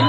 I'm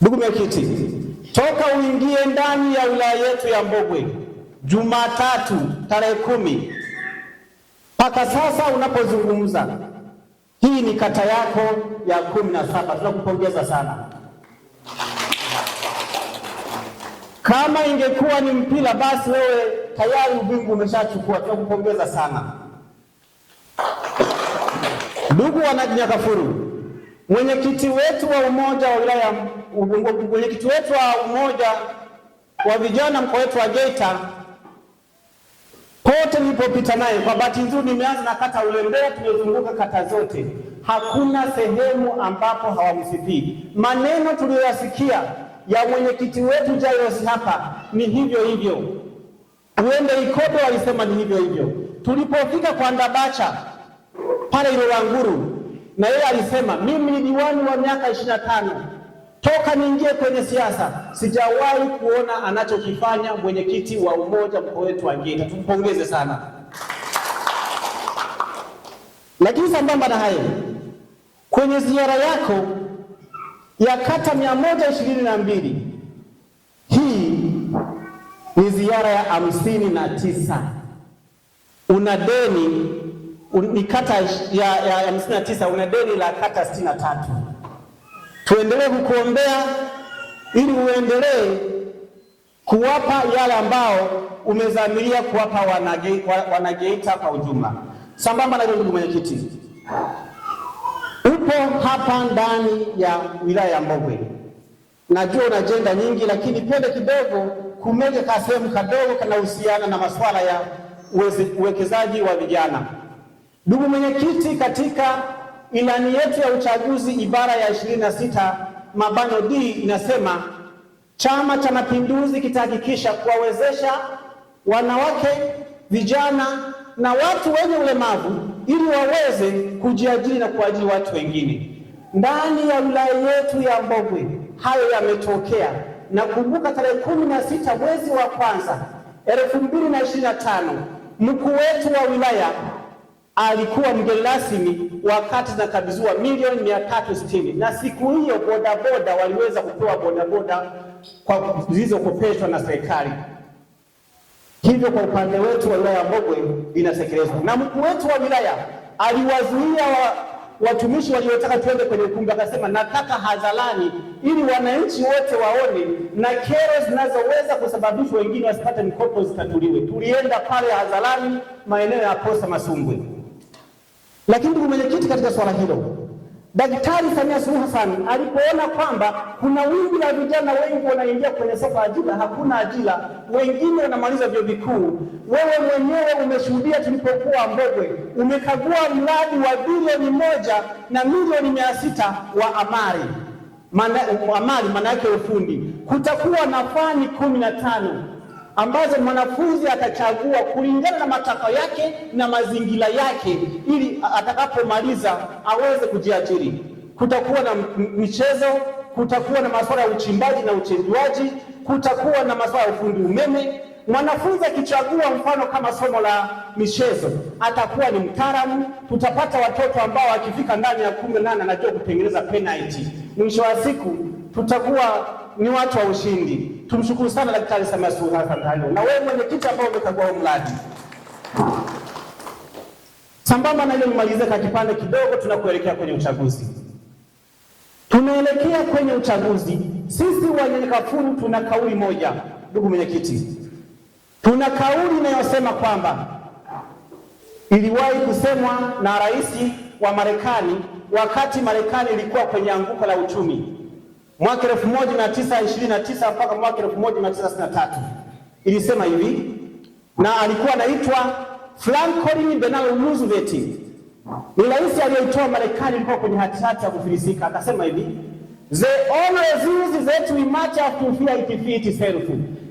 Ndugu mwenyekiti, toka uingie ndani ya wilaya yetu ya Mbogwe Jumatatu tarehe kumi mpaka sasa unapozungumza, hii ni kata yako ya kumi na saba. Tunakupongeza sana. Kama ingekuwa ni mpira, basi wewe tayari ubingu umeshachukua. Tunakupongeza sana. Ndugu wananyakafuru, mwenyekiti wetu wa umoja wa wilaya, mwenyekiti wetu wa umoja wa vijana mkoa wetu wa Geita, kote nilipopita naye, kwa bahati nzuri nimeanza na kata ulembea tumezunguka kata zote, hakuna sehemu ambapo hawamsifii. Maneno tuliyoyasikia ya mwenyekiti wetu Jairus hapa ni hivyo hivyo, uende Ikobe walisema ni hivyo hivyo. Tulipofika kwa Ndabacha pale Ilolanguru, na yeye alisema mimi ni diwani wa miaka ishirini na tano toka niingie kwenye siasa sijawahi kuona anachokifanya mwenyekiti wa umoja mkoa wetu wa Ngeta. Tumpongeze sana. Lakini sambamba na hayo, kwenye ziara yako ya kata mia moja ishirini na mbili hii ni ziara ya hamsini na tisa una deni ni kata ya, ya, ya 59 una deni la kata tatu Tuendelee kukuombea ili uendelee kuwapa yale ambao umezamiria kuwapa wanage, wanageita kwa ujumla. Sambamba na hilo, ndugu mwenyekiti, upo hapa ndani ya wilaya ya Mbogwe, najua una ajenda nyingi, lakini pende kidogo kumoja ka sehemu kadogo kanahusiana na masuala ya uwekezaji wa vijana Ndugu mwenyekiti, katika ilani yetu ya uchaguzi ibara ya 26 mabano D inasema Chama cha Mapinduzi kitahakikisha kuwawezesha wanawake, vijana na watu wenye ulemavu ili waweze kujiajiri na kuajiri watu wengine ndani ya wilaya yetu ya Mbogwe. Hayo yametokea. Nakumbuka tarehe kumi na sita mwezi wa kwanza elfu mbili na ishirini na tano mkuu wetu wa wilaya alikuwa mgeni rasmi wakati zinakabidhiwa milioni mia tatu sitini na siku hiyo bodaboda waliweza kupewa bodaboda kwa zilizokopeshwa na serikali. Hivyo kwa upande wetu wa wilaya ya Mbogwe inatekelezwa, na mkuu wetu wa wilaya aliwazuia wa, watumishi waliotaka tuende kwenye ukumbi, akasema nataka hadharani, ili wananchi wote waone na kero zinazoweza kusababishwa wengine wasipate mikopo zitatuliwe. Tulienda pale hadharani maeneo ya Posta Masumbwe. Lakini ndugu mwenyekiti, katika swala hilo Daktari Samia Suluhu Hassan alipoona kwamba kuna wingi la vijana wengi wanaingia kwenye soko ajira, hakuna ajira, wengine wanamaliza vyuo vikuu. Wewe mwenyewe umeshuhudia tulipokuwa Mbogwe, umekagua mradi wa bilioni moja na milioni mia sita wa amali amali, maana yake ufundi. Kutakuwa na fani kumi na tano ambazo mwanafunzi atachagua kulingana na matakwa yake na mazingira yake, ili atakapomaliza aweze kujiajiri. Kutakuwa na michezo, kutakuwa na masuala ya uchimbaji na uchenduaji, kutakuwa na masuala ya ufundi umeme. Mwanafunzi akichagua mfano kama somo la michezo atakuwa ni mtaalamu. Tutapata watoto ambao akifika ndani ya kumi na nane anajua kutengeneza penalty. Mwisho wa siku tutakuwa ni watu wa ushindi. Tumshukuru sana Daktari Samia Suluhu Hassan Tano na wewe mwenyekiti ambao umekagua mradi. Sambamba na ile nimalize kwa kipande kidogo, tunakuelekea kwenye uchaguzi, tunaelekea kwenye uchaguzi. Sisi Wanyakafulu tuna kauli moja, ndugu mwenyekiti, tuna kauli inayosema kwamba iliwahi kusemwa na rais wa Marekani wakati Marekani ilikuwa kwenye anguko la uchumi mwaka 1929 mpaka mwaka 1963 ilisema hivi, na alikuwa anaitwa Franklin Delano Roosevelt. Ni rais aliyeitoa Marekani ilikuwa kwenye hatihati ya kufilisika, akasema hivi the only thing that we must have to fear it is itself,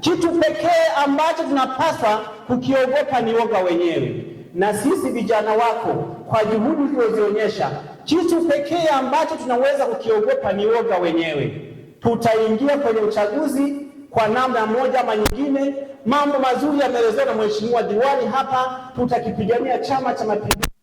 kitu pekee ambacho tunapaswa kukiogopa ni woga wenyewe. Na sisi vijana wako kwa juhudi tulizozionyesha kitu pekee ambacho tunaweza kukiogopa ni woga wenyewe. Tutaingia kwenye uchaguzi kwa namna moja ama nyingine. Mambo mazuri yameelezewa na mheshimiwa diwani hapa, tutakipigania Chama cha Mapinduzi.